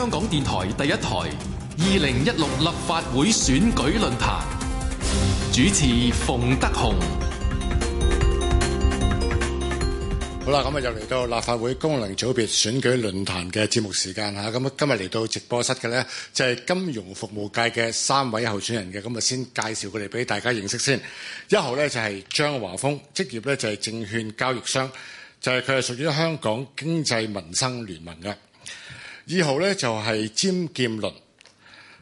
香港電台第一台，二零一六立法會選舉論壇，主持馮德雄。好啦，咁啊又嚟到立法會功能組別選舉論壇嘅節目時間吓，咁啊今日嚟到直播室嘅呢，就係、是、金融服務界嘅三位候選人嘅，咁啊先介紹佢哋俾大家認識先。一號呢，就係張華峯，職業呢就係、是、證券交易商，就係佢係屬於香港經濟民生聯盟嘅。以後咧就係詹劍崙。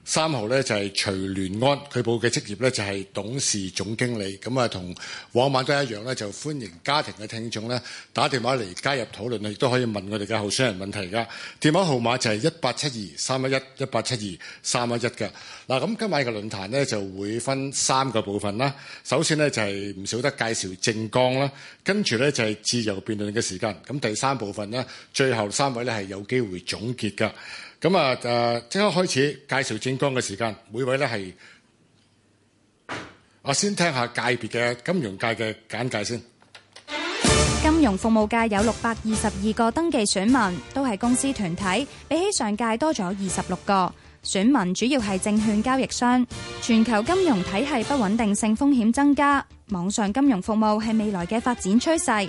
三號咧就係徐聯安，佢報嘅職業咧就係董事總經理。咁啊，同往晚都一樣咧，就歡迎家庭嘅聽眾咧打電話嚟加入討論，亦都可以問我哋嘅候選人問題噶。電話號碼就係一八七二三一一一八七二三一一嘅。嗱，咁今晚嘅論壇咧就會分三個部分啦。首先咧就係唔少得介紹政綱啦，跟住咧就係自由辯論嘅時間。咁第三部分咧，最後三位咧係有機會總結噶。咁啊，誒，即刻開始介紹政綱嘅時間，每位呢係，我先聽下界別嘅金融界嘅簡介先。金融服務界有六百二十二個登記選民，都係公司團體，比起上屆多咗二十六個選民，主要係證券交易商。全球金融體系不穩定性風險增加，網上金融服務係未來嘅發展趨勢。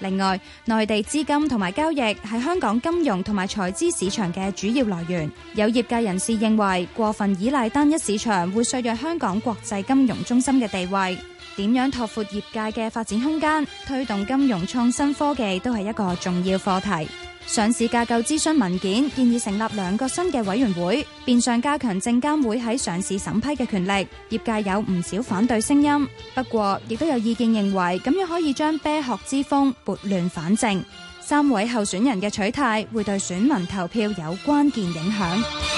另外，內地資金同埋交易係香港金融同埋財資市場嘅主要來源。有業界人士認為，過分依賴單一市場會削弱香港國際金融中心嘅地位。點樣拓闊業界嘅發展空間，推動金融創新科技，都係一個重要課題。上市架構諮詢文件建議成立兩個新嘅委員會，變相加強證監會喺上市審批嘅權力。業界有唔少反對聲音，不過亦都有意見認為咁樣可以將啤學之風撥亂反正。三位候選人嘅取態會對選民投票有關鍵影響。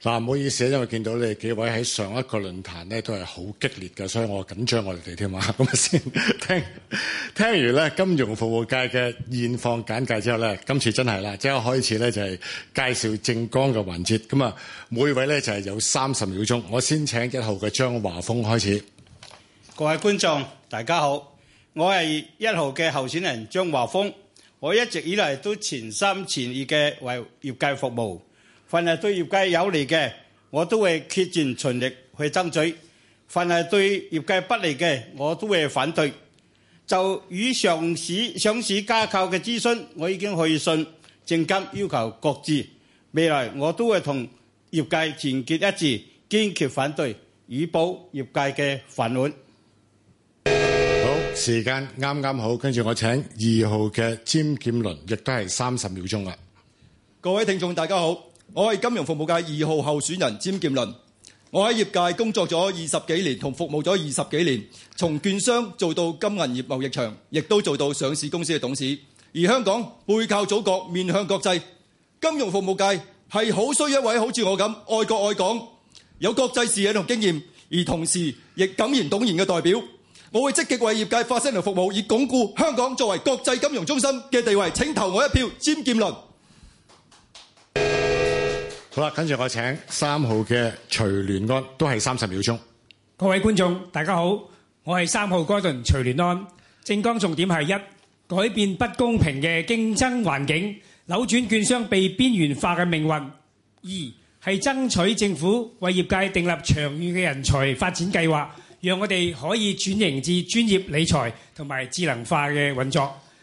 嗱，唔好意思，因為見到你哋幾位喺上一個論壇咧，都係好激烈嘅，所以我緊張，我哋哋添啊。咁啊，先聽聽完咧金融服務界嘅現況簡介之後咧，今次真係啦，即刻開始咧就係介紹政綱嘅環節，咁啊，每位咧就係有三十秒鐘，我先請一號嘅張華峯開始。各位觀眾，大家好，我係一號嘅候選人張華峯，我一直以嚟都全心全意嘅為業界服務。凡係對業界有利嘅，我都會竭盡全力去爭取；凡係對業界不利嘅，我都會反對。就與上市上市架構嘅諮詢，我已經去信證監要求擱置。未來我都會同業界團結一致，堅決反對，以保業界嘅繁榮。好，時間啱啱好，跟住我請二號嘅詹劍崙，亦都係三十秒鐘啦。各位聽眾，大家好。我係金融服務界二號候選人詹劍崙，我喺業界工作咗二十幾年，同服務咗二十幾年，從券商做到金銀業貿易場，亦都做到上市公司嘅董事。而香港背靠祖國，面向國際，金融服務界係好需一位好似我咁愛國愛港、有國際視野同經驗，而同時亦敢言懂人嘅代表。我會積極為業界發聲同服務，以鞏固香港作為國際金融中心嘅地位。請投我一票，詹劍崙。好啦，跟住我請三號嘅徐聯安，都係三十秒鐘。各位觀眾，大家好，我係三號嘉賓徐聯安。政綱重點係一，改變不公平嘅競爭環境，扭轉券商被邊緣化嘅命運；二係爭取政府為業界訂立長遠嘅人才發展計劃，讓我哋可以轉型至專業理財同埋智能化嘅運作；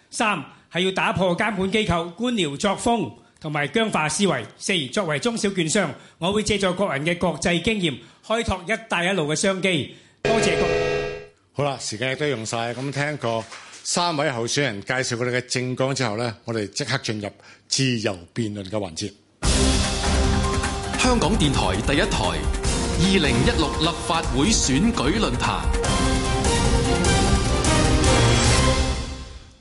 三係要打破監管機構官僚作風。同埋僵化思維。四，作為中小券商，我會借助個人嘅國際經驗，開拓一帶一路嘅商機。多謝各位。好啦，時間亦都用晒。咁聽過三位候選人介紹佢哋嘅政綱之後呢，我哋即刻進入自由辯論嘅環節。香港電台第一台，二零一六立法會選舉論壇。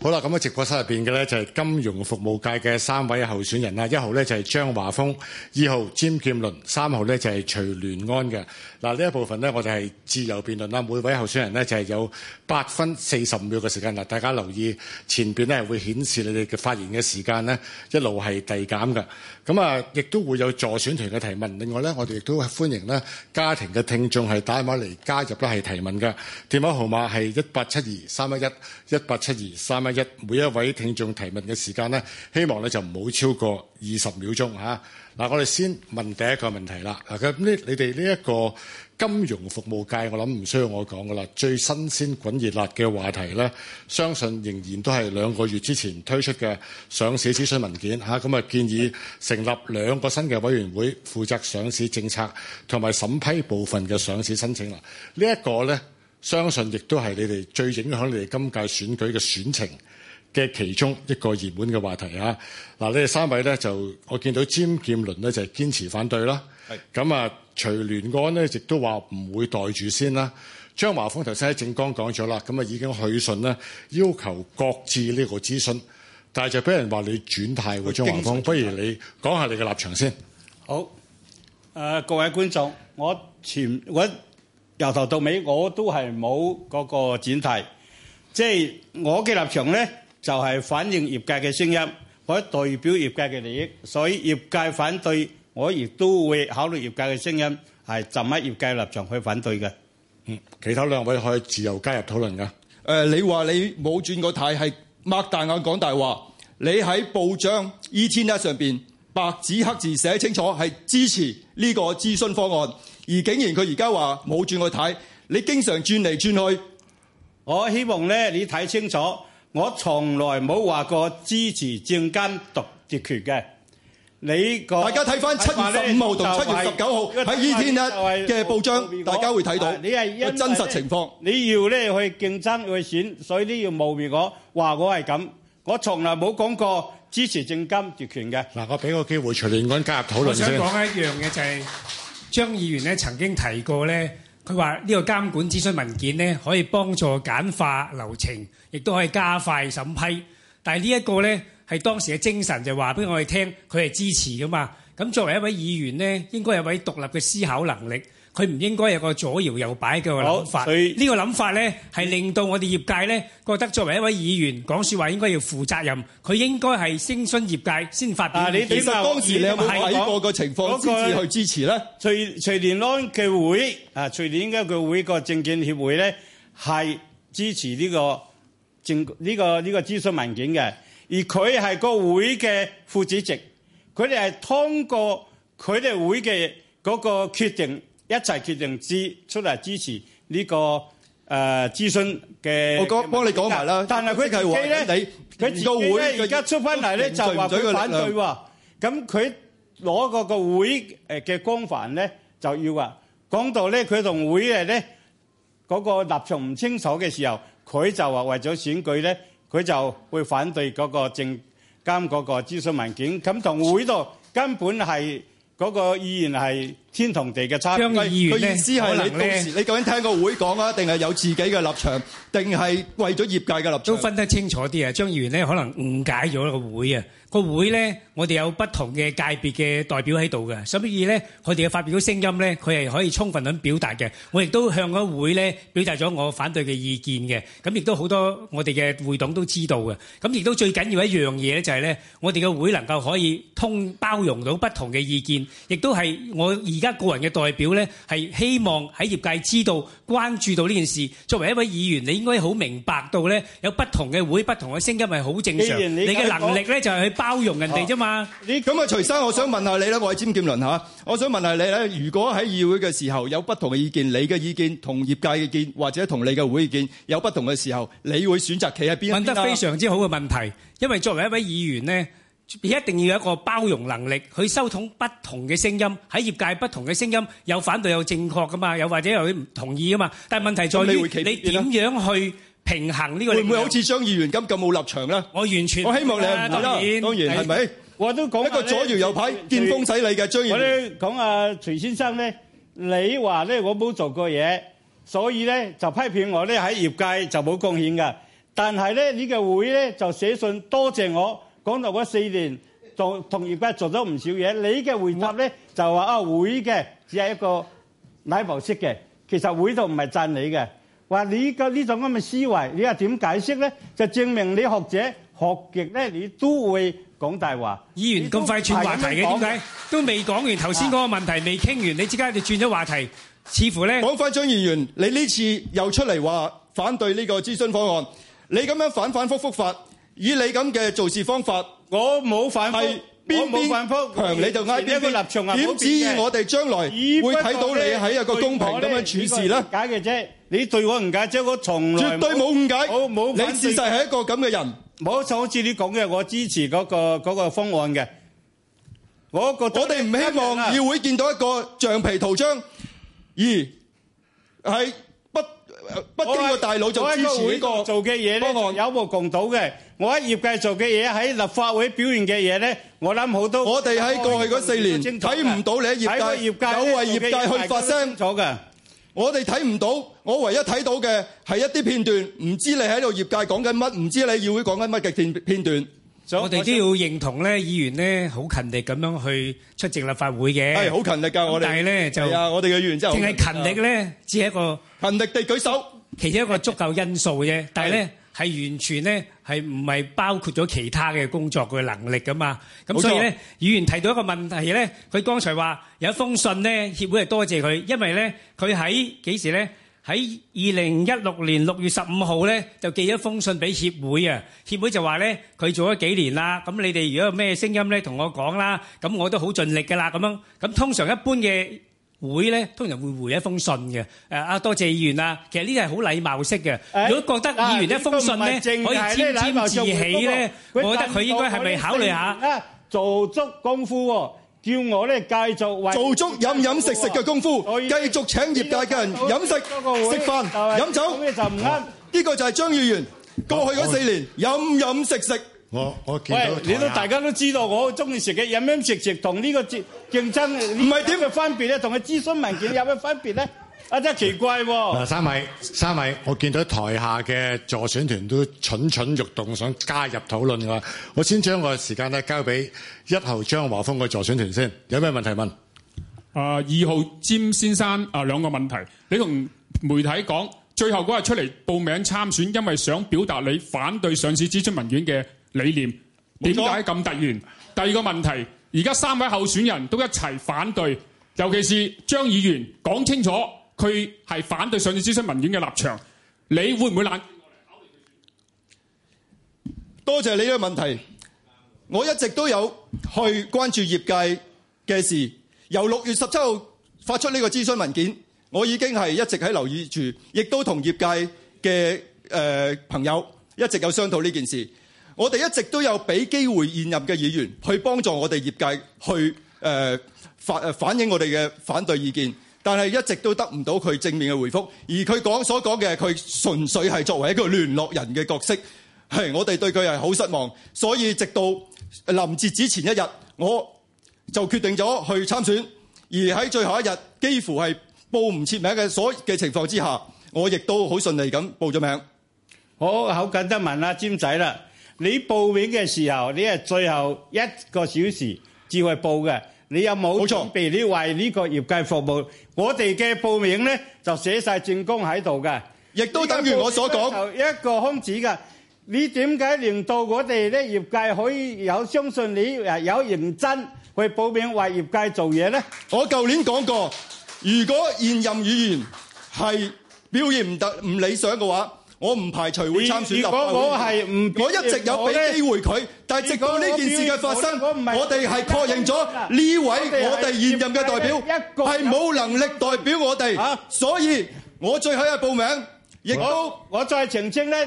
好啦，咁啊，直播室入邊嘅咧就係金融服務界嘅三位候選人啦。一號咧就係張華峯，二號詹劍崙，三號咧就係徐聯安嘅。嗱，呢一部分咧我哋係自由辯論啦，每位候選人咧就係有八分四十五秒嘅時間。嗱，大家留意前邊咧會顯示你哋嘅發言嘅時間咧，一路係遞減嘅。咁啊，亦都會有助選團嘅提問。另外咧，我哋亦都歡迎咧家庭嘅聽眾係打電話嚟加入都係提問嘅。電話號碼係一八七二三一一一八七二三一。每一位聽眾提問嘅時間呢，希望咧就唔好超過二十秒鐘嚇。嗱，我哋先問第一個問題啦。嗱，咁呢？你哋呢一個金融服務界，我諗唔需要我講噶啦。最新鮮滾熱辣嘅話題呢，相信仍然都係兩個月之前推出嘅上市諮詢文件嚇。咁啊，建議成立兩個新嘅委員會，負責上市政策同埋審批部分嘅上市申請啦。呢一個呢。相信亦都係你哋最影響你哋今屆選舉嘅選情嘅其中一個熱門嘅話題嗱、啊啊，你哋三位咧就，我見到詹劍崙咧就係、堅持反對啦。咁啊是，徐聯安咧亦都話唔會袋住先啦。張華峯頭先喺政綱講咗啦，咁啊已經去信啦，要求各自呢個諮詢，但係就俾人話你轉態喎。張華峯，不如你講下你嘅立場先。好，誒、呃、各位觀眾，我前由頭到尾我都係冇嗰個展態，即、就、係、是、我嘅立場咧，就係、是、反映業界嘅聲音，或者代表業界嘅利益，所以業界反對我亦都會考慮業界嘅聲音，係浸喺業界的立場去反對嘅。嗯，其他兩位可以自由加入討論噶。誒、呃，你話你冇轉過態，係擘大眼講大話，你喺報章 ETNet 上邊白紙黑字寫清楚係支持呢個諮詢方案。而竟然佢而家話冇轉去睇，你經常轉嚟轉去。我希望咧，你睇清楚。我從來冇話過支持證監獨決權嘅。你個大家睇返七月十五號同七月十九號喺 E 天一嘅報章，大家會睇到。你係因為咧，真實情況，你要去競爭去選，所以你要誣衊我話我係咁。我從來冇講過支持證監奪權嘅。嗱，我俾個機會徐聯安加入討論先。我想講咧，一樣嘢就係。張議員呢曾經提過呢，佢話呢個監管諮詢文件呢，可以幫助簡化流程，亦都可以加快審批。但係呢一個呢，係當時嘅精神就話俾我哋聽，佢係支持噶嘛。咁作為一位議員呢，應該有位獨立嘅思考能力。佢唔應該有個左搖右擺嘅諗法，個法呢個諗法咧係令到我哋業界咧覺得作為一位議員講說話應該要負責任。佢應該係聲詢業界先發表，幾時、啊、當時兩個睇過個情況先至去支持咧。徐，徐聯安嘅會啊，徐聯嘅佢會,的會的政、這個證券協會咧係支持呢個政呢個呢個諮詢文件嘅，而佢係個會嘅副主席，佢哋係通過佢哋會嘅嗰個決定。一齊決定支出嚟支持呢個誒諮詢嘅，我講幫你講埋啦。但係佢係話你佢個會而家出翻嚟咧，就話佢反對喎。咁佢攞嗰個會誒嘅光環咧，就要話講到咧，佢同會嘅咧嗰個立場唔清楚嘅時候，佢就話為咗選舉咧，佢就會反對嗰個證監嗰個諮詢文件。咁同會度根本係嗰個議員係。天同地嘅差別，張議員咧，佢意思係你到時你究竟聽個會講啊，定係有自己嘅立場，定係為咗業界嘅立場？都分得清楚啲啊！張議員咧，可能誤解咗個會啊。個會咧，我哋有不同嘅界別嘅代表喺度嘅，所以咧，佢哋嘅發表嘅聲音咧，佢係可以充分咁表達嘅。我亦都向個會咧表達咗我反對嘅意見嘅。咁亦都好多我哋嘅會董都知道嘅。咁亦都最緊要一樣嘢咧，就係咧，我哋嘅會能夠可以通包容到不同嘅意見，亦都係我而。而家個人嘅代表咧，係希望喺業界知道關注到呢件事。作為一位議員，你應該好明白到咧，有不同嘅會、不同嘅聲音係好正常。你嘅能力咧就係去包容人哋啫嘛。咁啊，徐生，我想問下你啦，我係詹劍崙嚇。我想問下你咧，如果喺議會嘅時候有不同嘅意見，你嘅意見同業界嘅意見或者同你嘅會意見有不同嘅時候，你會選擇企喺邊一邊啊？問得非常之好嘅問題，因為作為一位議員咧。一定要有一個包容能力，去收統不同嘅聲音，喺業界不同嘅聲音有反對，有正確㗎嘛，又或者有佢唔同意㗎嘛。但問題在於你點樣去平衡呢個？會唔會好似張議員咁咁冇立場咧？我完全我希望你係立見當然係咪？我都講過一個左搖右擺、見風使嚟嘅張議員。我咧講阿徐先生咧，你話咧我冇做過嘢，所以咧就批評我咧喺業界就冇貢獻㗎。但係咧呢個會咧就寫信多謝我。講到嗰四年同做同業界做咗唔少嘢，你嘅回答咧就話啊會嘅，只係一個奶白式嘅，其實會度唔係讚你嘅。話你嘅呢種咁嘅思維，你又點解釋咧？就證明你學者學極咧，你都會講大話。議員咁快轉話題嘅點解？都未講完頭先嗰個問題未傾完，你即刻就轉咗話題，似乎咧講翻張議員，你呢次又出嚟話反對呢個諮詢方案，你咁樣反反覆覆發。以你咁嘅做事方法，我冇反覆，我冇反覆，強你就挨邊邊。一個立場啊，冇變嘅。點知我哋將來會睇到你喺一個公平咁樣處事呢？誤解嘅啫，你對我誤解啫，我從來絕對冇誤解。冇，你事實係一個咁嘅人，冇就好似你講嘅，我支持嗰個嗰個方案嘅。我覺得我哋唔希望議會見到一個橡皮圖章，而係。北京個大佬就支持呢個，做嘅嘢咧有目共睹嘅。我喺業界做嘅嘢，喺立法會表現嘅嘢咧，我諗好多。我哋喺過去嗰四年睇唔到你喺業界有為業界去發聲。清楚嘅，我哋睇唔到，我唯一睇到嘅係一啲片段，唔知你喺度業界講緊乜，唔知你議會講緊乜嘅片片段。我哋都要認同呢議員呢好勤力咁樣去出席立法會嘅。係好勤力㗎，我哋呢，就的我哋嘅議員真係勤，勤力呢，只係一個勤力地舉手，其實一個足夠因素嘅啫。 但係呢，係完全呢，係唔係包括咗其他嘅工作嘅能力㗎嘛。咁所以呢，錯議員提到一個問題呢，佢剛才話有一封信呢協會係多謝佢，因為呢，佢喺幾時呢？喺二零一六年六月十五號咧，就寄咗封信俾協會啊。協會就話咧，佢做咗幾年啦，咁你哋如果有咩聲音咧，同我講啦，咁我都好盡力嘅啦，咁樣。咁通常一般嘅會咧，通常會回一封信嘅。誒啊，多謝議員啊，其實呢啲係好禮貌式嘅。如果覺得議員一封信咧可以沾沾自喜咧，我覺得佢應該係咪考慮下？啊，做足功夫喎！叫我咧繼續做足飲飲食食嘅功夫，繼續請業界嘅人飲食、食飯、飲酒。呢個就唔啱。呢個就係張議員過去嗰四年飲飲食食。我我見到你都大家都知道，我鍾意食嘅飲飲食食，同呢個接競爭唔係點嘅分別咧？同佢諮詢文件有咩分別咧？啊！真奇怪喎、哦！嗱，三位，三位，我見到台下嘅助選團都蠢蠢欲動，想加入討論㗎。我先將個時間咧交俾一號張華峯嘅助選團先，有咩問題問？啊，二號詹先生啊，兩個問題。你同媒體講，最後嗰日出嚟報名參選，因為想表達你反對上市諮詢文員嘅理念。點解咁突然？第二個問題，而家三位候選人都一齊反對，尤其是張議員講清楚。佢係反對上次諮詢文件嘅立場，你會唔會攔？多謝你呢個問題。我一直都有去關注業界嘅事。由六月十七號發出呢個諮詢文件，我已經係一直喺留意住，亦都同業界嘅、呃、朋友一直有商討呢件事。我哋一直都有俾機會現任嘅議員去幫助我哋業界去反、呃、反映我哋嘅反對意見。但係一直都得唔到佢正面嘅回覆，而佢講所講嘅，佢純粹係作為一個聯絡人嘅角色，係我哋對佢係好失望。所以直到臨截止前一日，我就決定咗去參選。而喺最後一日，幾乎係報唔切名嘅所嘅情況之下，我亦都好順利咁報咗名。我好緊得問阿詹仔啦，你報名嘅時候，你係最後一個小時至會報嘅。你有冇準備？你為呢個業界服務，我哋嘅報名呢就寫曬政綱喺度嘅，亦都等於我所講一個空子嘅。你點解令到我哋呢業界可以有相信你，誒，有認真去報名為業界做嘢呢？我舊年講過，如果現任議員係表現唔得唔理想嘅話。我唔排除會參選立法會議。我係唔我一直有俾機會佢，呢但直到呢件事嘅發生，我哋係確認咗呢位我哋現任嘅代表係冇能力代表我哋，所以我最後係報名。亦都我再澄清咧。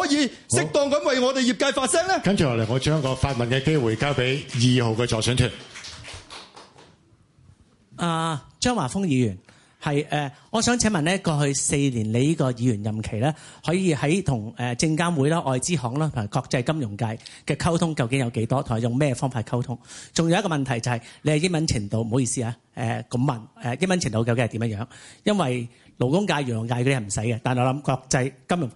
可以適當咁為我哋業界發聲咧。跟住落嚟，我將個發問嘅機會交俾二號嘅助選團。阿張華峯議員，係誒，我想請問咧，過去四年你呢個議員任期咧，可以喺同誒證監會啦、外資行啦同埋國際金融界嘅溝通究竟有幾多？同埋用咩方法溝通？仲有一個問題就係你英文程度，唔好意思啊，誒咁問誒英文程度究竟係點樣樣？因為勞工界、漁業界嗰啲係唔使嘅，但我諗國際金融。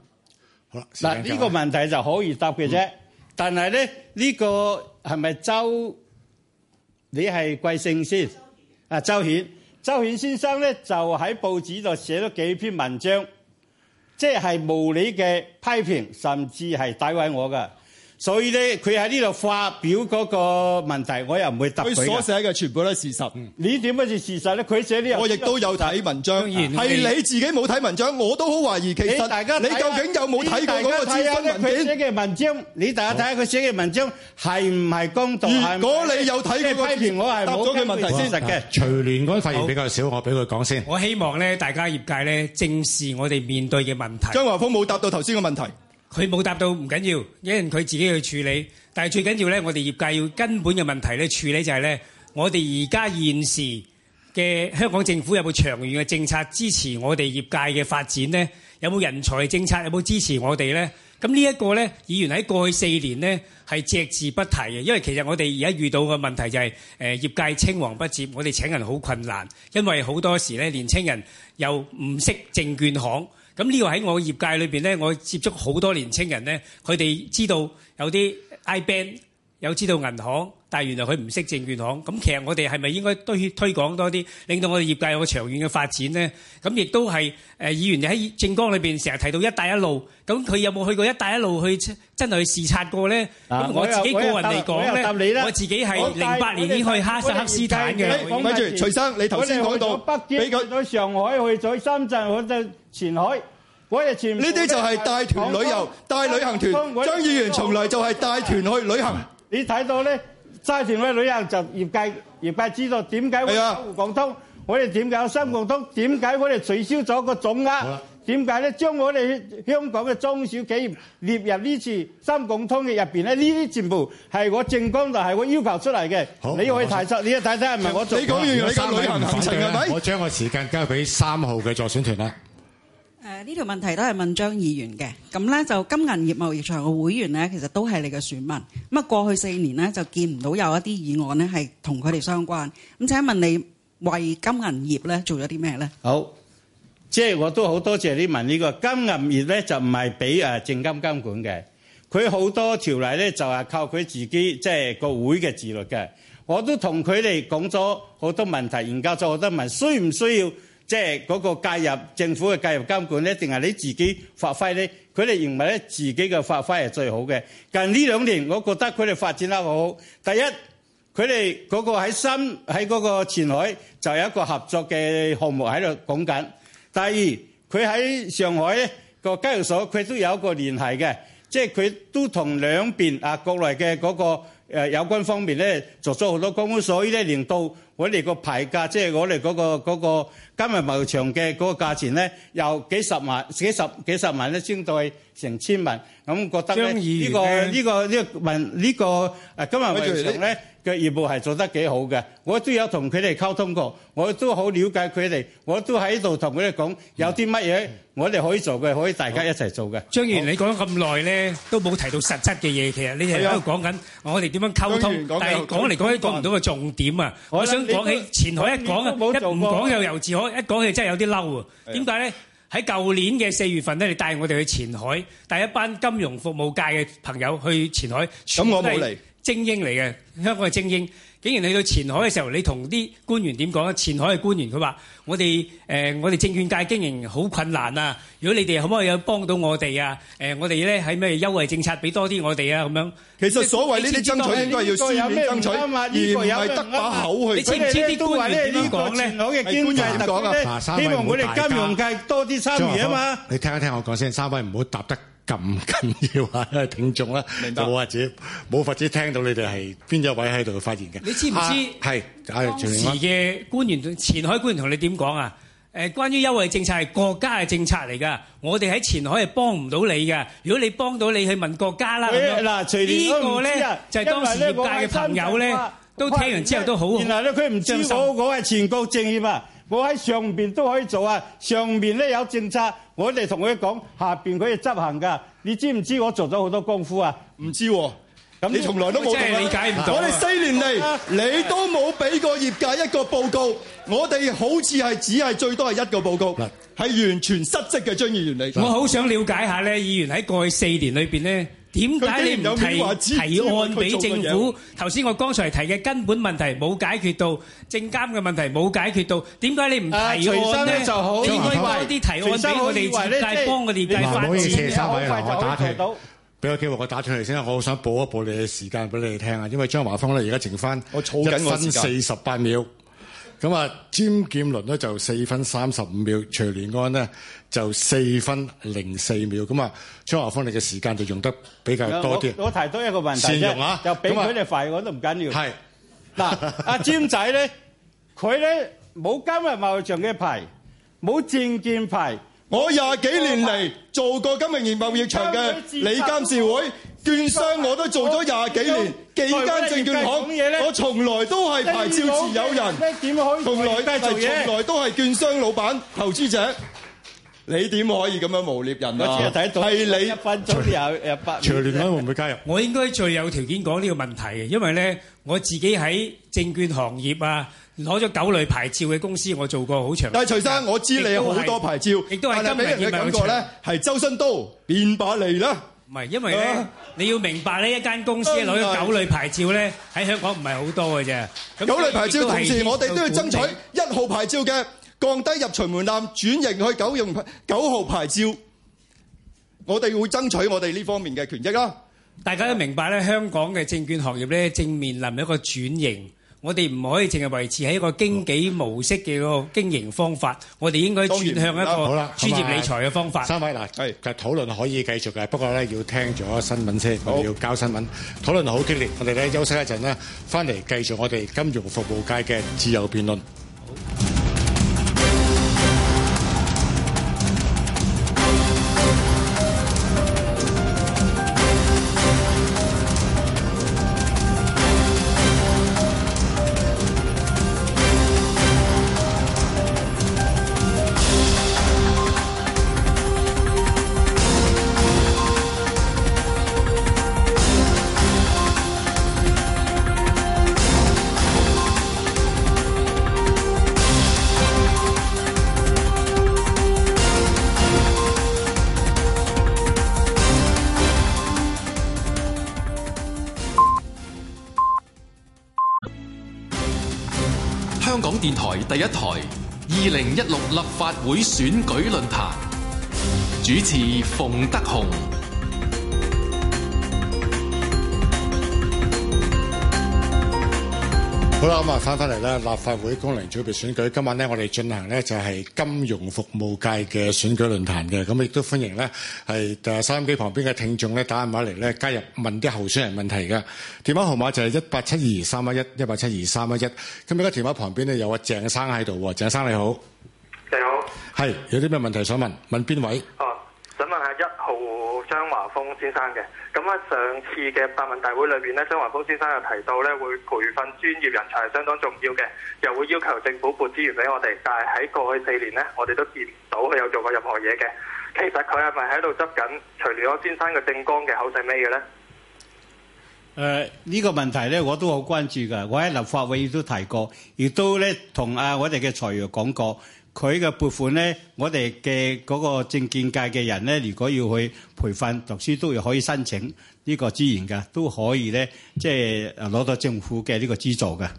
嗱，呢個問題就可以答嘅啫。嗯、但係咧，呢、呢個係咪周？你係貴姓先？啊玄，周顯，周顯先生咧就喺報紙度寫咗幾篇文章，即係無理嘅批評，甚至係詆毀我嘅。所以呢，佢喺呢度發表嗰個問題，我又唔會答佢。佢所寫嘅全部都係事實。你點解是事實呢？佢寫呢樣。我亦都有睇文章，當然，係你自己冇睇文章，我都好懷疑其實。你究竟有冇睇過嗰個諮詢文件？你大家睇下佢寫嘅文章，你大家睇下佢寫嘅文章係唔係公道？如果你有睇嘅批評，我係冇答咗佢問題先。其實徐聯嗰啲發言比較少，我俾佢講先。我希望咧，大家業界呢，正視我哋面對嘅問題。張華峯冇答到頭先嘅問題。佢冇答到唔緊要，因為佢自己去處理。但係最緊要咧，我哋業界要根本嘅問題咧處理就係咧，我哋而家現時嘅香港政府有冇長遠嘅政策支持我哋業界嘅發展咧？有冇人才政策？有冇支持我哋咧？咁呢一個咧，議員喺過去四年咧係隻字不提嘅。因為其實我哋而家遇到嘅問題就係誒業界青黃不接，我哋請人好困難，因為好多時咧年青人又唔識證券行。咁呢個喺我嘅業界裏面呢，我接觸好多年青人呢，佢哋知道有啲 iBand。有知道銀行，但係原來佢唔識證券行，咁其實我哋係咪應該推推廣多啲，令到我哋業界有個長遠嘅發展咧？咁亦都係誒，議員就喺政綱裏邊成日提到一帶一路，咁佢有冇去過一帶一路去真係去視察過咧？咁我自己個人嚟講咧，我自己係零八年已經去哈薩克斯坦嘅。唔該住，徐生，你頭先講到，你去咗上海，去咗深圳，去咗前海，我亦前呢啲就係帶團旅遊、帶旅行團。張議員從來就係帶團去旅行。你睇到呢，沙田嘅旅遊就業界業界知道點解會深港通，的我哋點解深港通？點解的我哋取消咗個總額？點解的呢？將我哋香港嘅中小企業列入呢次深港通嘅入面呢？呢啲的全部係我政綱就係我要求出嚟嘅。好你可以提出，想你一睇睇唔係我做。你講要有你嘅旅行行程係咪？我將個、啊、時間交俾三號嘅助選團啦。是誒呢條問題都係問張議員嘅，咁咧就金銀業貿易場嘅會員咧，其實都係你嘅選民。咁啊，過去四年咧就見唔到有一啲議案咧係同佢哋相關。咁請問你為金銀業咧做咗啲咩咧？好，即係我都好多謝你問呢個金銀業咧，就唔係俾誒證監監管嘅，佢好多條例咧就係靠佢自己即係個會嘅自律嘅。我都同佢哋講咗好多問題，研究咗好多問題，需唔需要？即係嗰個介入政府嘅介入監管呢，定係你自己發揮呢？佢哋認為咧自己嘅發揮係最好嘅。近呢兩年，我覺得佢哋發展得好好。第一，佢哋嗰個喺深喺嗰個前海就有一個合作嘅項目喺度講緊。第二，佢喺上海個交易所佢都有一個聯繫嘅，即係佢都同兩邊啊國內嘅嗰個。誒有關方面咧做咗好多功夫，所以咧令到我哋個牌價，即係我哋嗰個嗰個金融物場嘅嗰個價錢咧，由幾十萬、幾十幾十萬咧，升到去成千萬。咁覺得咧，呢個呢個呢個問呢個誒金融物場咧。嘅業務係做得幾好嘅，我都有同佢哋溝通過，我都好瞭解佢哋，我都喺度同佢哋講有啲乜嘢，我哋可以做嘅，可以大家一齊做嘅。張議員，你講咁耐咧，都冇提到實質嘅嘢，其實你係喺度講緊我哋點樣溝通，但係講嚟講去講唔到個重點啊！我想講起前海一講啊，一唔講又由自可，一講起真係有啲嬲啊！點解咧？喺舊年嘅四月份咧，你帶我哋去前海，帶一班金融服務界嘅朋友去前海，咁我冇嚟。精英嚟嘅，香港嘅精英，竟然去到前海嘅時候，你同啲官員點講咧？前海嘅官員佢話：我哋誒我哋證券界經營好困難啊！如果你哋可唔可以有幫到我哋啊？誒，我哋咧喺咩優惠政策俾多啲我哋啊？咁樣其實所謂呢啲爭取應該要正面爭取。再有咩？而唔係得把口去。你知唔知啲官員點講咧？官員講啊，希望我哋金融界多啲參與啊嘛。你聽一聽我講先，三位唔好答得。咁緊要啊！聽眾啦，明白冇，或者冇法子聽到你哋係邊一位喺度發言嘅。你知唔知係、啊、當時嘅官員、前海官員同你點講啊？誒，關於優惠政策係國家嘅政策嚟㗎，我哋喺前海係幫唔到你㗎。如果你幫到你去問國家啦，咁喂樣。嗱，徐聯安咧就係當時業界嘅朋友咧，都聽完之後都好。原來咧，佢唔知我，我係全國政協啊我喺上面都可以做啊，上面呢有政策，我哋同佢講，下面佢要執行㗎。你知唔知道我做咗好多功夫啊？唔知喎、啊，嗯、你從來都冇同、啊。理解唔、啊、我哋四年嚟，啊、你都冇畀過業界一個報告，的我哋好似係只係最多係一個報告，係的完全失職嘅張議員嚟。的我好想了解一下呢議員喺過去四年裏面呢。點解你唔提,提提案俾政府？頭先、啊、我剛才提嘅根本問題冇解決到，證監嘅問題冇解決到。點解你唔提案咧？最新咧就好，最新啲提案俾我哋計幫我哋計返嘅。唔可以斜三米，打佢。俾個機會我打出嚟先啊！我好想補一補你嘅時間俾你哋聽啊！因為張華峰咧而家剩翻我儲緊一分四十八秒。咁啊，詹劍崙咧就四分三十五秒，徐聯安咧就四分零四秒。咁啊，張華峯你嘅時間就用得比較多啲。我提多一個問題啫，就畀佢哋快我都唔緊要。係，嗱，阿詹仔咧，佢咧冇金銀貿易場嘅牌，冇證券牌。我廿幾年嚟做過金銀貿易場嘅理監事會。券商我都做咗廿幾年，幾間證券行，我從來都係牌照持有人，從來係從來都係券商老闆。投資者，你點可以咁樣誣衊人？我淨係，睇得到，係你。一分鐘都有一百。徐聯安會唔會加入？我應該最有條件講呢個問題嘅，因為咧我自己喺證券行業啊，攞咗九類牌照嘅公司，我做過好長。但係徐生，我知你有好多牌照，亦都係俾人嘅感覺咧，係周身刀變把利啦。唔係，因為咧，你要明白咧，一間公司攞咗九類牌照咧，喺香港唔係好多嘅啫。九類牌照同時，我哋都要爭取一號牌照嘅，降低入場門檻，轉型去九用九號牌照。我哋會爭取我哋呢方面嘅權益啊。大家都明白咧，香港嘅證券行業咧正面臨一個轉型。我哋唔可以淨係維持喺一個經紀模式嘅個經營方法，我哋應該轉向一個專業理財嘅方法。三位嗱，係，就討論可以繼續嘅，不過咧要聽咗新聞先，我哋要交新聞。討論好激烈，我哋咧休息一陣咧，翻嚟繼續我哋金融服務界嘅自由辯論。第一台二零一六立法會選舉論壇，主持馮德雄。好啦，咁啊，翻翻嚟咧，立法會功能組別選舉，今晚咧，我哋進行咧就係金融服務界嘅選舉論壇嘅，咁亦都歡迎咧係誒收音機旁邊嘅聽眾咧打電話嚟咧加入問啲候選人問題嘅電話號碼就係一八七二三一一一八七二三一一，咁而家電話旁邊咧有阿鄭生喺度喎，鄭生你好，你好，係有啲咩問題想問？問邊位？哦。張華峯先生嘅。咁喺上次嘅答問大會裏邊咧，張華峯先生又提到咧，會培訓專業人才係相當重要嘅，又會要求政府撥資源俾我哋，但係喺過去四年咧，我哋都見唔到佢有做過任何嘢嘅。其實佢係咪喺度執緊徐聯安先生嘅政綱嘅口細眯嘅咧？誒、呃、呢、這個問題咧，我都好關注噶，我喺立法會亦都提過，亦都咧同啊我哋嘅財爺講過。佢嘅撥款呢，我哋嘅嗰個證券界嘅人呢，如果要去培訓讀書，都要可以申請呢個資源㗎，都可以呢，即係攞到政府嘅呢個資助㗎。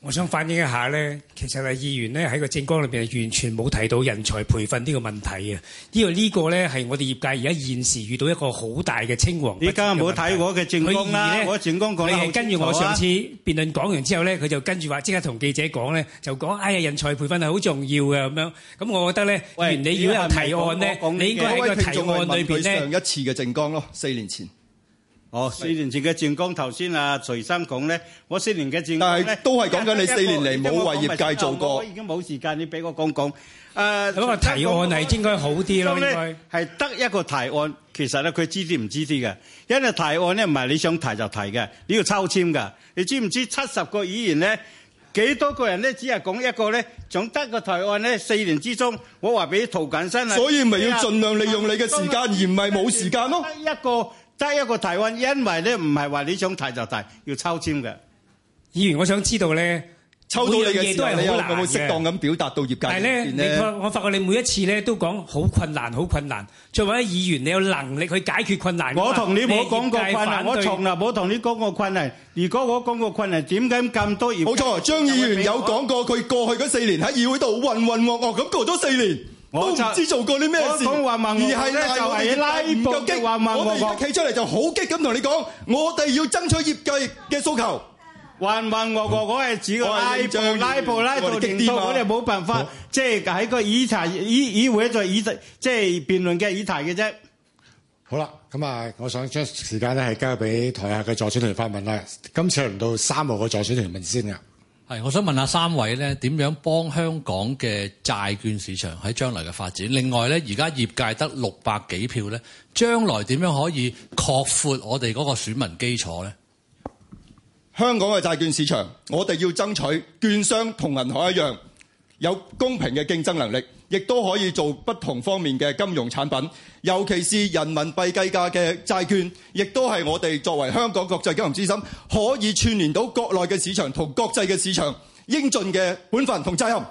我想反映一下呢，其實啊，議員呢喺個政綱裏邊完全冇提到人才培訓呢個問題嘅，因為呢個呢係我哋業界而家現時遇到一個好大嘅青黃。沒看過的而家唔好睇我嘅政綱啦，我政綱講。跟住我上次辯論講完之後呢，佢就跟住話，即刻同記者講呢，就講哎呀，人才培訓係好重要嘅咁樣。咁我覺得呢，如果你要有提案呢，說你應該喺個提案裏面呢，上一次嘅政綱咯，四年前。哦，四年前嘅戰功，頭先啊徐生講咧，我四年嘅戰功咧，都係講緊你四年嚟冇為業界做過。我已經冇時間，你俾我講講。誒，咁個提案係應該好啲咯。應該係得一個提案，其實咧佢知啲唔知啲嘅，因為提案咧唔係你想提就提嘅，你要抽籤噶。你知唔知七十個議員咧，幾多個人咧只係講一個咧，總得個提案咧四年之中，我話俾陶錦新。所以咪要盡量利用你嘅時間，而唔係冇時間咯。一個。得一個提案，因為咧唔係話你想提就提，要抽籤嘅。議員，我想知道咧，抽到你嘅時候，你有冇適當咁表達到業界？但係呢，你嗯、我發覺你每一次咧都講好困難，好困難。作為議員，你有能力去解決困難。我同你冇講過困難，我從來冇同你講過困難。如果我講過困難，點解咁多？冇錯，張議員有講過佢過去嗰四年喺議會度混混噩噩，咁、啊、過咗四年。都唔知做過啲咩事，而係咧就係拉步激，我哋而家企出嚟就好激咁同你講，我哋要爭取業界嘅訴求。還還我我我係主拉布拉布拉布極點，我哋冇辦法，即係喺個議題議會一再議即係辯論嘅議題嘅啫。好啦，咁啊，我想將時間咧係交俾台下嘅助選團發問啦。今次輪到三號嘅助選團問先啊。係，我想問下三位咧，點樣幫香港嘅債券市場喺將來嘅發展？另外呢，而家業界得六百幾票咧，將來點樣可以擴闊我哋嗰個選民基礎呢？香港嘅債券市場，我哋要爭取券商同銀行一樣，有公平嘅競爭能力。亦都可以做不同方面嘅金融產品，尤其是人民幣計價嘅債券，亦都係我哋作為香港國際金融中心，可以串聯到國內嘅市場同國際嘅市場應盡嘅本分同責任。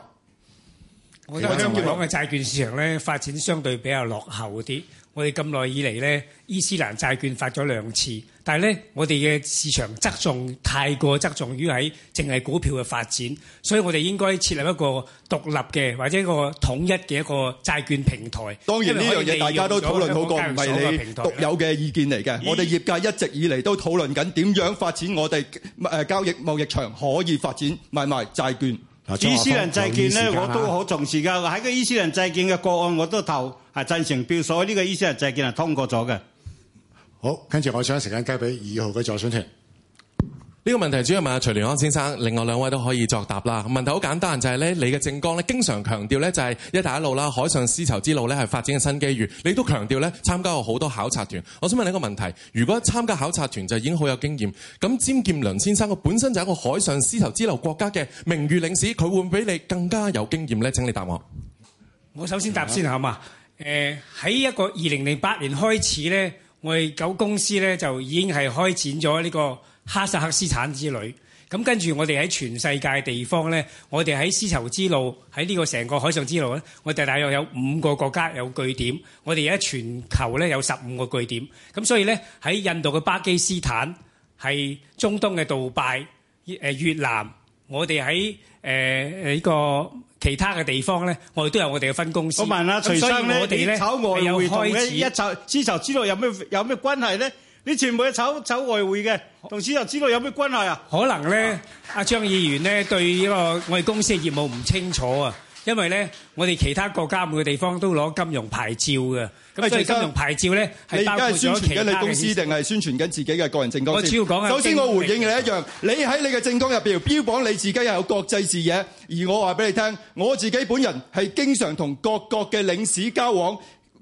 我覺得香港嘅債券市場咧發展相對比較落後啲。我哋咁耐以嚟咧，伊斯蘭債券發咗兩次，但係咧，我哋嘅市場側重，太過側重於喺淨係股票嘅發展，所以我哋應該設立一個獨立嘅或者一個統一嘅一個債券平台。當然呢樣嘢大家都討論好過，唔係你獨有嘅意見嚟嘅。 我哋業界一直以嚟都討論緊點樣發展，我哋交易貿易場可以發展，買賣債券。伊斯蘭債券呢，我都好重視噶。喺個伊斯蘭債券嘅個案，我都投贊成票，所以呢個伊斯蘭債券係通過咗嘅。好，跟住我想時間交俾二號嘅詹劍崙。呢個問題主要問阿徐聯安先生，另外兩位都可以作答啦。問題好簡單，就係咧，你嘅政綱咧，經常強調咧，就係一帶一路啦，海上絲綢之路咧，係發展嘅新機遇。你都強調咧，參加過好多考察團。我想問你一個問題：如果參加考察團就已經好有經驗，咁詹劍崙先生，佢本身就係一個海上絲綢之路國家嘅名譽領事，佢會唔會比你更加有經驗咧？請你答我。我首先答先、啊、好嘛？誒、呃，喺一個二零零八年開始咧。我哋九公司咧就已經係開展咗呢個哈薩克斯坦之旅，咁跟住我哋喺全世界地方咧，我哋喺絲綢之路喺呢個成個海上之路咧，我哋大約有五個國家有據點，我哋喺全球咧有十五個據點，咁所以咧喺印度嘅巴基斯坦，係中東嘅杜拜，誒越南。我哋喺誒誒呢個其他嘅地方咧，我哋都有我哋嘅分公司。我問啊，除咗我哋咧炒外匯開始一炒，絲綢之路有咩有咩關係咧？你全部係炒炒外匯嘅，同絲綢之路有咩關係啊？可能咧，阿張議員咧對呢個我哋公司嘅業務唔清楚啊。因為呢，我哋其他國家每個地方都攞金融牌照嘅，咁所以金融牌照呢係包括咗其他嘅嘢。你而家係宣傳緊你公司定係宣傳緊自己嘅個人政綱？我只要講緊。首先我回應你一樣，你喺你嘅政綱入邊標榜你自己有國際視野，而我話畀你聽，我自己本人係經常同各國嘅領事交往。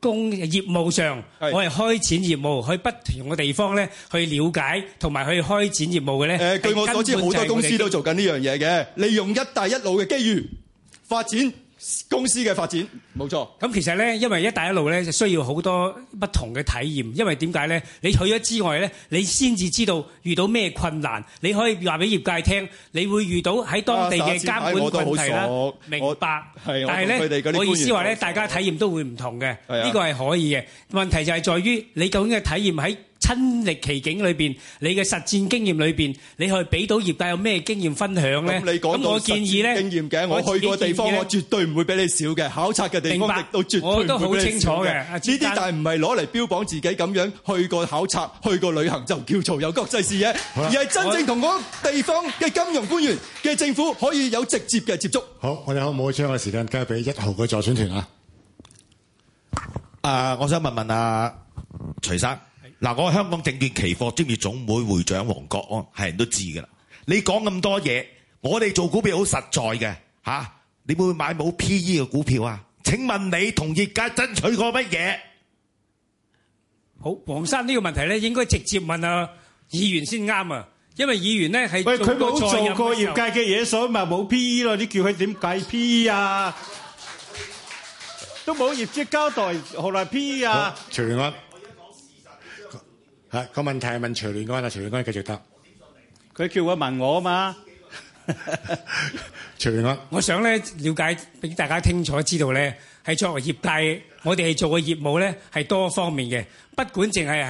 公業務上，我係開展業務是去不同嘅地方咧，去了解同埋去開展業務嘅咧。誒、呃，據我所知，好多公司都做緊呢樣嘢嘅，利用一帶一路嘅機遇發展。公司嘅發展冇錯，咁其實咧，因為一帶一路咧，就需要好多不同嘅體驗。因為點解咧？你去咗之外咧，你先至知道遇到咩困難，你可以話俾業界聽，你會遇到喺當地嘅監管問題啦。啊、我明白。我但係咧，我意思話咧，大家體驗都會唔同嘅。呢個係可以嘅。問題就係在於你究竟嘅體驗喺。親歷其境裏邊，你嘅實戰經驗裏邊，你去俾到業界有咩經驗分享咧？咁你講到經驗嘅，我去過地方，我絕對唔會俾你少嘅考察嘅地方，都絕對我都好清楚嘅。呢啲，但係唔係攞嚟標榜自己咁樣去過考察、去過旅行就叫做有國際視野，而係真正同嗰地方嘅金融官員嘅政府可以有直接嘅接觸。好，我哋可唔可以將個時間交俾一號嘅助選團啊？啊，我想問問阿徐生。嗱，我係香港證券期貨專業總會會長黃國安，係人都知㗎啦。你講咁多嘢，我哋做股票好實在嘅嚇，你會唔會買冇 P E 嘅股票啊？請問你同業界爭取過乜嘢？好，黃生呢個問題咧，應該直接問啊議員先啱啊，因為議員咧喺喂佢冇做過業界嘅嘢，所以咪冇 P E 咯。你叫佢點計 P E 啊？都冇業績交代，何來 P E 啊？徐聯安！啊！個問題係問徐聯安啊，徐聯安繼續答。佢叫我問我啊嘛。 徐聯安，我想咧了解俾大家清楚知道咧，係作為業界，我哋係做嘅業務咧係多方面嘅，不管淨係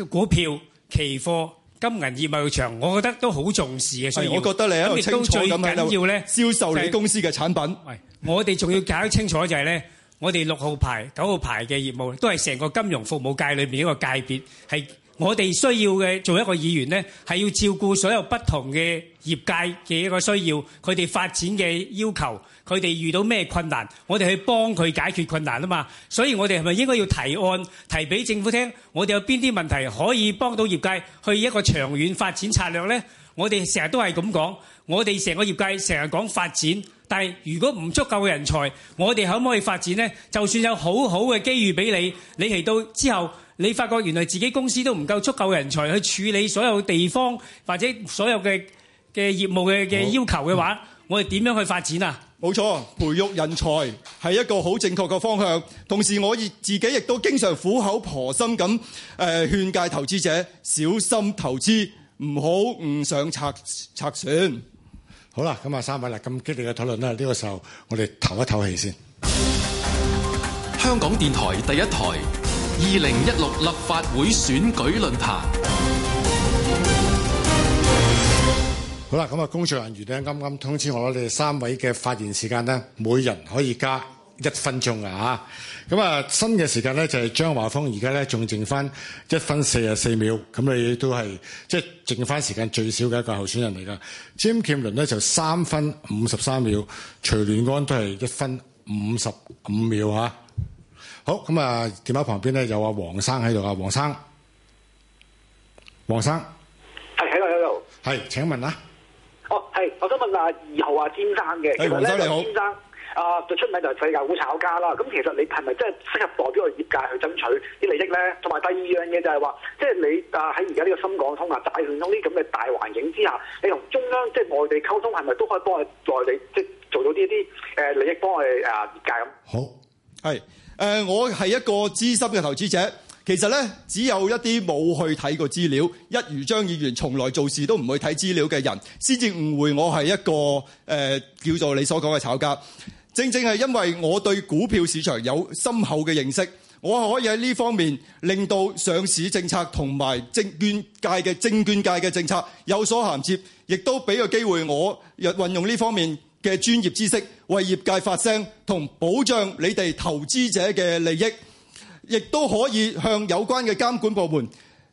喺股票、期貨、金銀業貿場，我覺得都好重視嘅。所以，我覺得你又清楚最緊要咧，就係、銷售你公司嘅產品。 我哋仲要搞清楚就係、係、咧。我哋六號牌、九號牌嘅業務都係成個金融服務界裏面一個界別，係我哋需要嘅做一個議員呢係要照顧所有不同嘅業界嘅一個需要，佢哋發展嘅要求，佢哋遇到咩困難，我哋去幫佢解決困難啊嘛。所以我哋係咪應該要提案，提畀政府聽？我哋有邊啲問題可以幫到業界去一個長遠發展策略呢？我哋成日都係咁講。我哋成個業界成日講發展，但係如果唔足夠嘅人才，我哋可唔可以發展呢？就算有好好嘅機遇俾你，你嚟到之後，你發覺原來自己公司都唔夠足夠人才去處理所有地方或者所有嘅嘅業務嘅要求嘅話，我哋點樣去發展啊？冇錯，培育人才係一個好正確嘅方向。同時，我自己亦都經常苦口婆心咁誒勸戒投資者小心投資，唔好誤上賊船。好啦，咁啊三位啦，咁激烈嘅討論啦，呢個時候我哋唞一唞氣先。香港電台第一台二零一六立法會選舉論壇。好啦，咁啊工作人員呢啱啱通知我呢，你哋三位嘅發言時間呢，每人可以加。一分鐘啊！吓。咁啊，新嘅時間咧就係、是、張華峯而家咧仲剩翻一分四十四秒，咁、啊、你都係即係剩翻時間最少嘅一個候選人嚟噶。詹劍崙咧就三分五十三秒，徐聯安都係一分五十五秒啊。好，咁啊，電話旁邊咧有阿、啊、黃生喺度啊，黃生，黃生，係喺度，喺度，係請問啊？哦，係，我想問下二號啊詹生嘅，黃生你好，先生。啊！最出名就係世界股炒家啦。咁其實你係咪真係適合代表個業界去爭取啲利益咧？同埋第二樣嘢就係話，即係你啊喺而家呢個深港通啊、債券通呢咁嘅大環境之下，你同中央即係內地溝通，係咪都可以幫佢內地即係做到啲啲誒利益幫我業界咁？好，係誒、呃，我係一個資深嘅投資者，其實咧只有一啲冇去睇過資料，一如張議員從來做事都唔會睇資料嘅人，先至誤會我係一個誒、呃、叫做你所講嘅炒家。正正係因為我對股票市場有深厚嘅認識，我可以喺呢方面令到上市政策同埋證券界嘅證券界嘅政策有所銜接，亦都俾個機會我運用呢方面嘅專業知識為業界發聲，同保障你哋投資者嘅利益，亦都可以向有關嘅監管部門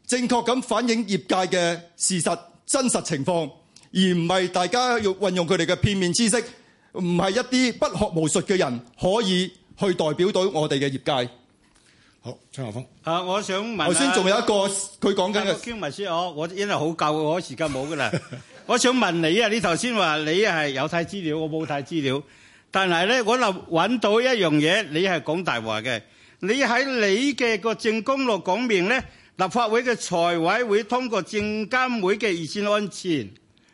正確咁反映業界嘅事實真實情況，而唔係大家運用佢哋嘅片面知識。唔係一啲不學無術嘅人可以去代表到我哋嘅業界。好，張華峯。啊，我想問頭先仲有一個佢講緊嘅。姜文書，我我因為好舊，我時間冇㗎喇。我想問你啊，你頭先話你係有睇資料，我冇睇資料。但係咧，我就揾到一樣嘢，你係講大話嘅。你喺你嘅個政公路講明咧，立法會嘅財委會通過證監會嘅二線安全，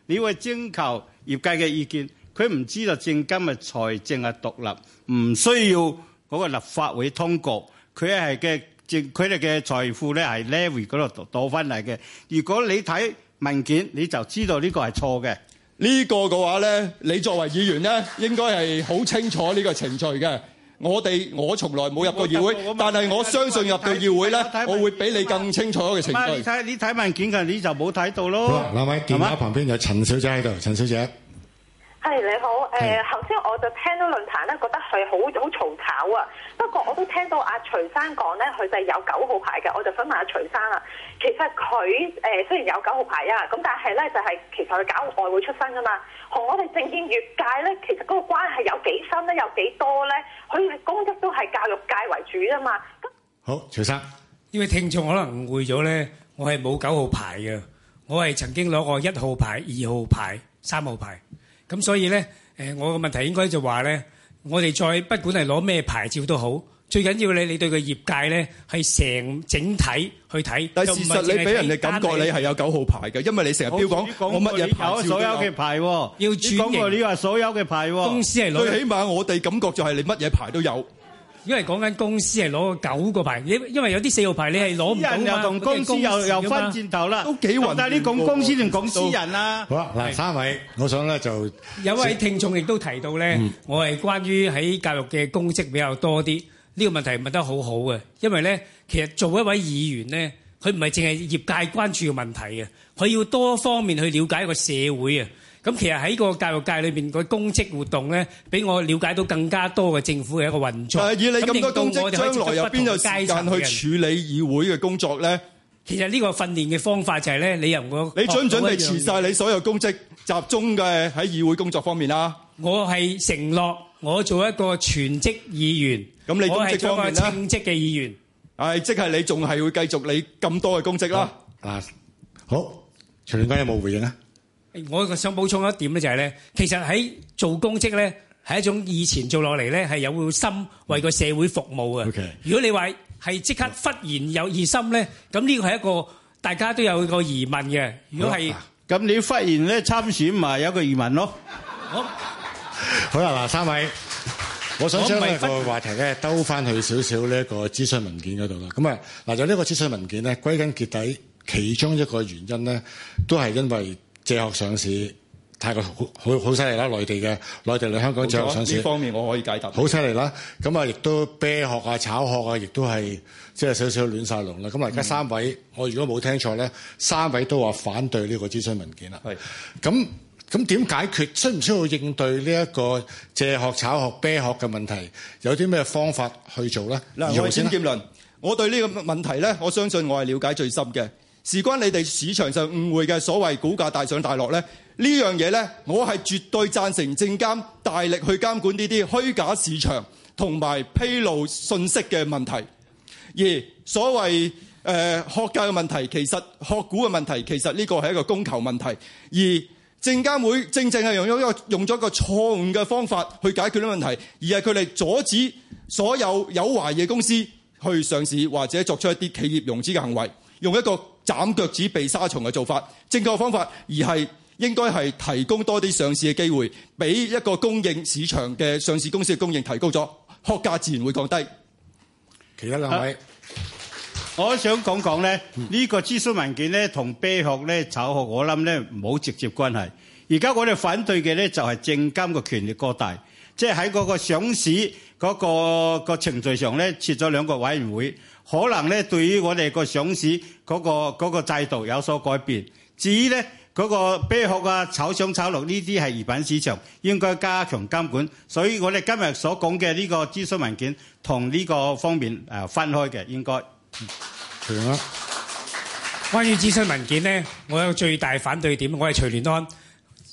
你會徵求業界嘅意見。佢唔知道證監嘅財政係獨立，唔需要嗰個立法會通過，佢係嘅政，佢哋嘅財富咧係 Levy 嗰度攞翻嚟嘅。如果你睇文件，你就知道呢個係錯嘅。呢個嘅話咧，你作為議員咧，應該係好清楚呢個程序嘅。我哋我從來冇入過議會，但係我相信入到議會咧，我會比你更清楚嘅程序。你睇你睇文件嘅你就冇睇到咯。嗱，嗱位電話旁邊有陳小姐喺度，陳小姐。係、hey, 你好誒，頭先的、呃、我就聽到論壇咧，覺得佢好好嘈吵啊。不過我都聽到阿徐生講咧，佢就係有九號牌嘅，我就想問下徐生啦。其實佢誒、呃、雖然有九號牌啊，咁但係咧就係、是、其實佢搞外匯出身噶嘛，同我哋政見越界咧，其實嗰個關係有幾深咧，有幾多咧，佢嘅工作都係教育界為主啊嘛。好，徐生，呢位聽眾可能誤會咗咧，我係冇九號牌嘅，我係曾經攞過一號牌、二號牌、三號牌。咁所以咧，誒、呃、我個問題應該就話咧，我哋再不管係攞咩牌照都好，最緊要你你對個業界咧係成整體去睇。但事實你俾人哋感覺你係有九號牌嘅，因為你成日標榜我乜嘢牌照。有所有嘅牌，要轉型。過你話所有嘅牌，公司係最起碼我哋感覺就係你乜嘢牌都有。因為講緊公司係攞九個牌，因因為有啲四號牌你係攞唔到啊！公司又又分戰頭啦，都幾混。但係你講公司定講私人啊？好啊，嗱，三位，我想咧就有位聽眾亦都提到咧，我係關於喺教育嘅公職比較多啲呢個問題，問得好好嘅。因為咧，其實做一位議員咧，佢唔係淨係業界關注嘅問題嘅，佢要多方面去了解一個社會啊。咁其實喺個教育界裏邊，個公職活動咧，俾我瞭解到更加多嘅政府嘅一個運作。但係以你咁多公職，將來有邊有階層去處理議會嘅工作咧？其實呢個訓練嘅方法就係咧，你又我你準唔準備辭曬你所有公職，集中嘅喺議會工作方面啦？我係承諾，我做一個全職議員。咁你公職方面，我係做一個全職嘅議員。係，即係你仲係會繼續你咁多嘅公職啦。嗱，好，詹劍崙有冇回應啊？我想補充一點咧，就係咧，其實喺做公職咧，係一種以前做落嚟咧，係有心為個社會服務嘅。OK，如果你話係即刻忽然有熱心咧，咁呢個係一個大家都有個疑問嘅。如果係咁，你忽然咧參選咪有個疑問咯。好，好啦，嗱，三位，我想將呢個話題咧，兜翻去少少呢一個諮詢文件嗰度啦。咁啊，嗱就呢個諮詢文件咧，歸根結底，其中一個原因咧，都係因為。借殼上市太過好好好犀利啦！內地嘅內地嚟香港錯借殼上市，呢方面我可以解答。好犀利啦！咁啊，亦都啤殼啊、炒殼啊，亦都係即係少少亂晒龍啦！咁而家三位，嗯、我如果冇聽錯咧，三位都話反對呢個諮詢文件啦。係是。咁咁點解決？需唔需要應對呢一個借殼炒殼啤殼嘅問題？有啲咩方法去做咧？嗱何，我先結論。我對呢個問題咧，我相信我係了解最深嘅。事關你哋市場上誤會嘅所謂股價大上大落呢，呢樣嘢呢，我係絕對贊成證監大力去監管呢啲虛假市場同埋披露信息嘅問題。而所謂誒、呃、學界嘅問題，其實學股嘅問題，其實呢個係一個供求問題。而證監會正正係用咗一個用咗個錯誤嘅方法去解決呢個問題，而係佢哋阻止所有有懷疑公司去上市或者作出一啲企業融資嘅行為，用一個。斬腳趾避沙蟲嘅做法，正確方法而係應該係提供多啲上市嘅機會，俾一個供應市場嘅上市公司嘅供應提高咗，殼價自然會降低。其他兩位，我想講講咧呢個諮詢文件咧同啤殼咧炒殼，我諗咧冇直接關係。而家我哋反對嘅咧就係證監嘅權力過大，即係喺嗰個上市嗰個個程序上咧設咗兩個委員會。可能咧、那個，對於我哋個上市嗰個嗰個制度有所改變。至於咧嗰個啤殼啊、炒上炒落呢啲係二品市場，應該加強監管。所以我哋今日所講嘅呢個諮詢文件同呢個方面、呃、分開嘅應該。徐聯安，關於諮詢文件咧，我有最大反對點，我係徐聯安，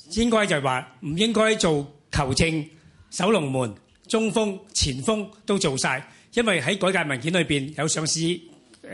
應該就係話唔應該做球證、守龍門、中鋒、前鋒都做晒。因為喺改革文件裏邊有上市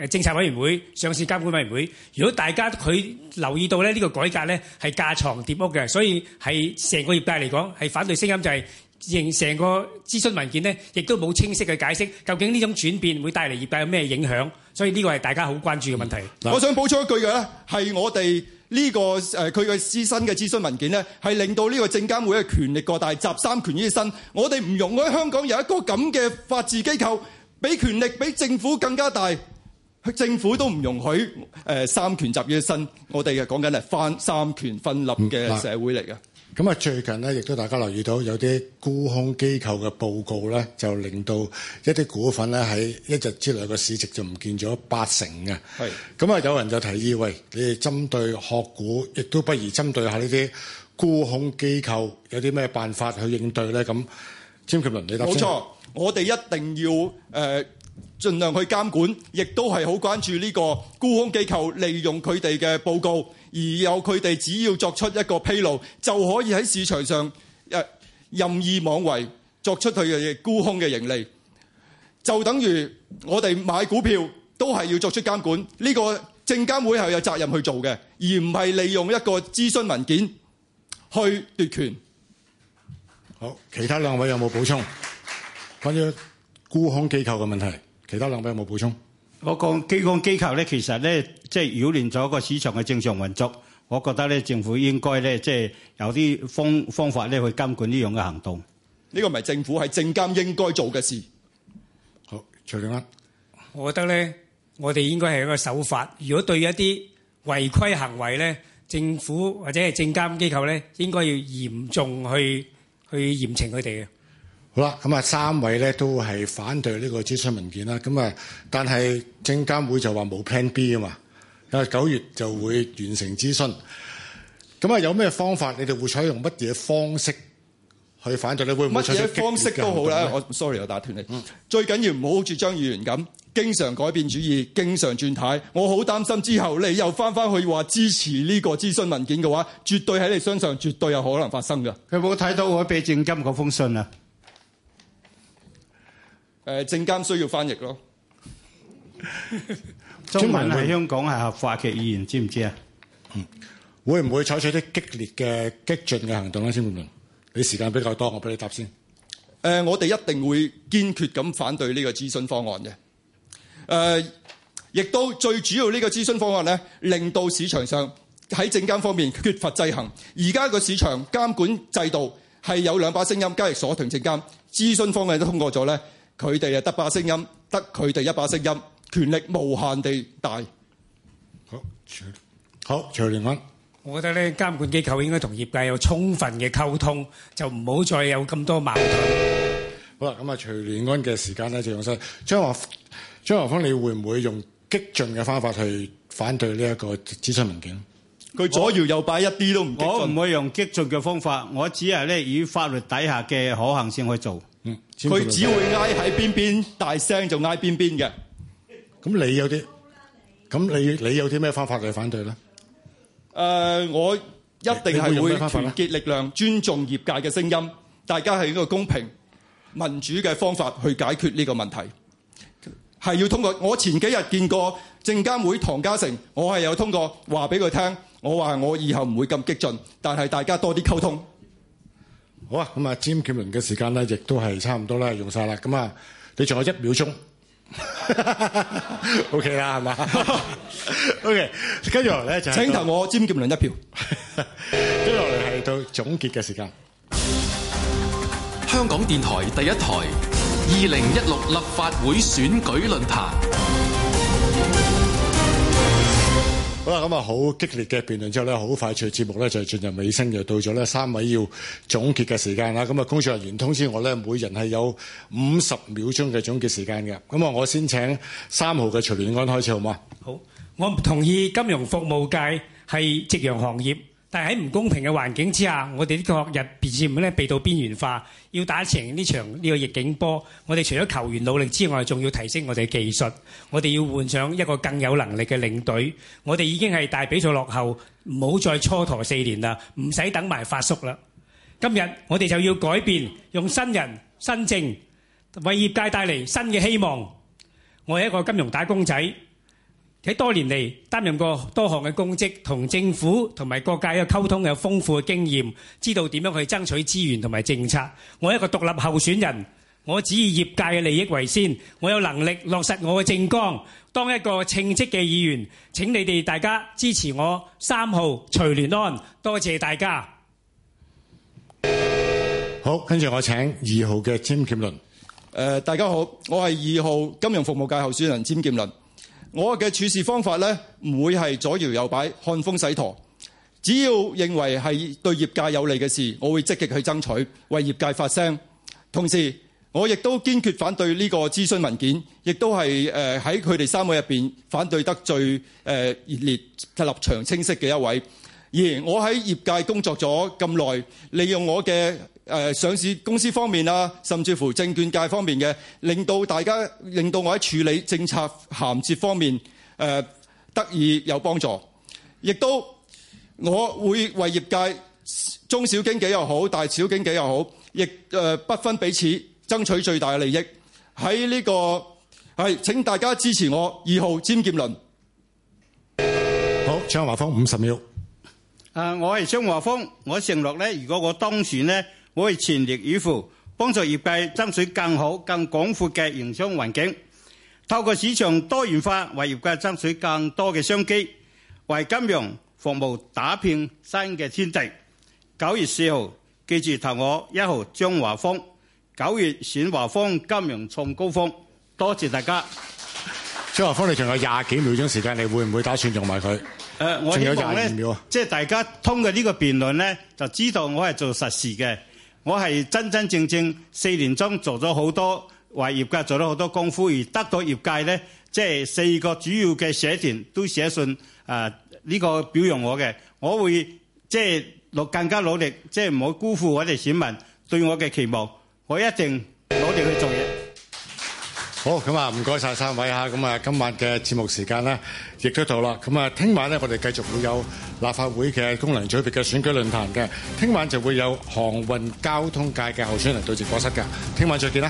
誒政策委員會、上市監管委員會，如果大家佢留意到咧，呢個改革咧係架牀疊屋嘅，所以係成個業界嚟講係反對聲音，就係認成個諮詢文件咧，亦都冇清晰嘅解釋，究竟呢種轉變會帶嚟業界有咩影響，所以呢個係大家好關注嘅問題。我想補充一句嘅咧，係我哋。呢、這個誒佢嘅私生嘅諮詢文件咧，係令到呢個證監會嘅權力過大，集三權於一身。我哋唔容許香港有一個咁嘅法治機構，比權力比政府更加大。政府都唔容許誒、呃、三權集於一身。我哋嘅講緊咧，犯三權分立嘅社會嚟嘅。咁啊，最近咧，亦都大家留意到有啲沽空機構嘅報告咧，就令到一啲股份咧喺一日之內嘅市值就唔見咗八成嘅是。咁啊，有人就提議，喂，你哋針對學股，亦都不如針對下呢啲沽空機構有啲咩辦法去應對咧？咁，詹劍崙，你答冇錯，我哋一定要誒、呃、盡量去監管，亦都係好關注呢個沽空機構利用佢哋嘅報告。而有佢哋只要作出一個披露，就可以喺市場上誒任意妄為，作出佢嘅沽空嘅盈利，就等於我哋買股票都係要作出監管，呢個證監會係有責任去做嘅，而唔係利用一個諮詢文件去奪權。好，其他兩位有冇補充？關於沽空機構嘅問題，其他兩位有冇補充？我講機，機構機構咧，其實咧即係擾亂咗個市場嘅正常運作。我覺得咧，政府應該咧，即係有啲方方法咧去監管呢樣嘅行動。呢個唔係政府，係證監應該做嘅事。好，徐聯安。我覺得咧，我哋應該係一個守法。如果對一啲違規行為咧，政府或者係證監機構咧，應該要嚴重去去嚴懲佢哋嘅。好啦，咁啊三位咧都係反對呢個諮詢文件啦。咁啊，但係證監會就話冇 plan B 啊嘛，因為九月就會完成諮詢。咁啊，有咩方法？你哋會採用乜嘢方式去反對你？你會唔會採用激？乜嘢方式都好啦。我 sorry，我打斷你。嗯、最緊要唔好好似張議員咁，經常改變主意，經常轉態。我好擔心之後你又翻翻去話支持呢個諮詢文件嘅話，絕對喺你身上絕對有可能發生嘅。佢冇睇到我俾證金嗰封信啊！誒證監需要翻譯咯， 中文係香港係合法嘅語言，知唔知啊、嗯？會唔會採取啲激烈嘅激進嘅行動咧？先冠文，你時間比較多，我俾你答先。誒、呃，我哋一定會堅決咁反對呢個諮詢方案嘅。誒、呃，亦都最主要呢個諮詢方案咧，令到市場上喺證監方面缺乏制衡。而家個市場監管制度係有兩把聲音，交易所同證監諮詢方案都通過咗咧。佢哋啊，得一把聲音，得佢哋一把聲音，權力無限地大。好，好，徐聯安，我覺得咧，監管機構應該同業界有充分嘅溝通，就唔好再有咁多矛盾。好啦，咁啊，徐聯安嘅時間咧就用曬。張華，張華峯，你會唔會用激進嘅方法去反對呢一個諮詢文件？佢左搖右擺，一啲都唔激進。我唔會用激進嘅方法，我只係咧以法律底下嘅可行性去做。佢只會挨喺邊邊，大聲就挨邊邊嘅。咁你有啲，咁你你有啲咩方法去反對咧？誒、呃，我一定係會團結力量，尊重業界嘅聲音。大家係一個公平民主嘅方法去解決呢個問題，係要通過。我前幾日見過證監會唐家成，我係有通過話俾佢聽，我話我以後唔會咁激進，但係大家多啲溝通。好啊，咁啊，詹劍崙嘅時間咧，亦都係差唔多啦，用曬啦。咁啊，你仲有一秒鐘，OK 啊，係嘛？OK，跟住咧就請投我詹劍崙一票。跟住落嚟係到總結嘅時間。香港電台第一台，二零一六立法會選舉論壇。好啦，咁啊，好激烈嘅辯論之後咧，好快趣節目咧就進入尾聲，就到咗咧三位要總結嘅時間啦。咁啊，工作人員通知我咧，每人係有五十秒鐘嘅總結時間嘅。咁啊，我先請三號嘅徐聯安開始好嗎？好，我唔同意金融服務界係夕陽行業。但喺唔公平嘅環境之下，我哋呢個別字母咧被到邊緣化。要打贏呢場呢個逆境波，我哋除咗球員努力之外，仲要提升我哋嘅技術。我哋要換上一個更有能力嘅領隊。我哋已經係大比數落後，唔好再蹉跎四年啦，唔使等埋發叔啦。今日我哋就要改變，用新人新政為業界帶嚟新嘅希望。我係一個金融打工仔。喺多年嚟擔任過多項嘅公職，同政府同埋各界嘅溝通有豐富嘅經驗，知道點樣去爭取資源同埋政策。我一個獨立候選人，我只以業界嘅利益為先，我有能力落實我嘅政綱，當一個稱職嘅議員。請你哋大家支持我三號徐聯安，多謝大家。好，跟住我請二號嘅詹劍崙。誒、呃，大家好，我係二號金融服務界候選人詹劍崙。我嘅處事方法呢，唔會係左搖右擺、看風使舵。只要認為係對業界有利嘅事，我會積極去爭取，為業界發聲。同時，我亦都堅決反對呢個諮詢文件，亦都係誒喺佢哋三個入面反對得最誒熱烈、立場清晰嘅一位。而我喺業界工作咗咁耐，利用我嘅。誒、呃、上市公司方面啊，甚至乎證券界方面嘅，令到大家，令到我喺處理政策銜接方面誒、呃，得以有幫助。亦都我會為業界中小經紀又好，大小經紀又好，亦誒、呃、不分彼此，爭取最大嘅利益。喺呢、這個係請大家支持我二號詹劍崙。好，張華峯，五十秒。誒、呃，我係張華峯，我承諾咧，如果我當選呢？我會全力以赴幫助業界爭取更好、更廣闊嘅營商環境，透過市場多元化為業界爭取更多嘅商機，為金融服務打拼新嘅天地。九月四號記住投我一號張華峰，九月選華峰金融創高峰。多謝大家。張華峰，你仲有廿幾秒鐘時間，你會唔會打算用埋佢？誒、呃，我希望咧，即係大家通過個辯論呢個辯論咧，就知道我係做實事嘅。我係真真正正四年中做咗好多為業界做咗好多功夫，而得到業界呢，即係四個主要嘅社團都寫信啊呢個表揚我嘅。我會即係更加努力，即係唔好辜負我哋選民對我嘅期望。我一定努力去做嘢。好，咁啊，唔該晒三位吓，咁啊，今晚嘅節目時間咧亦都到啦，咁啊，聽晚咧我哋繼續會有立法會嘅功能組別嘅選舉論壇嘅，聽晚就會有航運交通界嘅候選人嚟到直播室嘅，聽晚再見啦。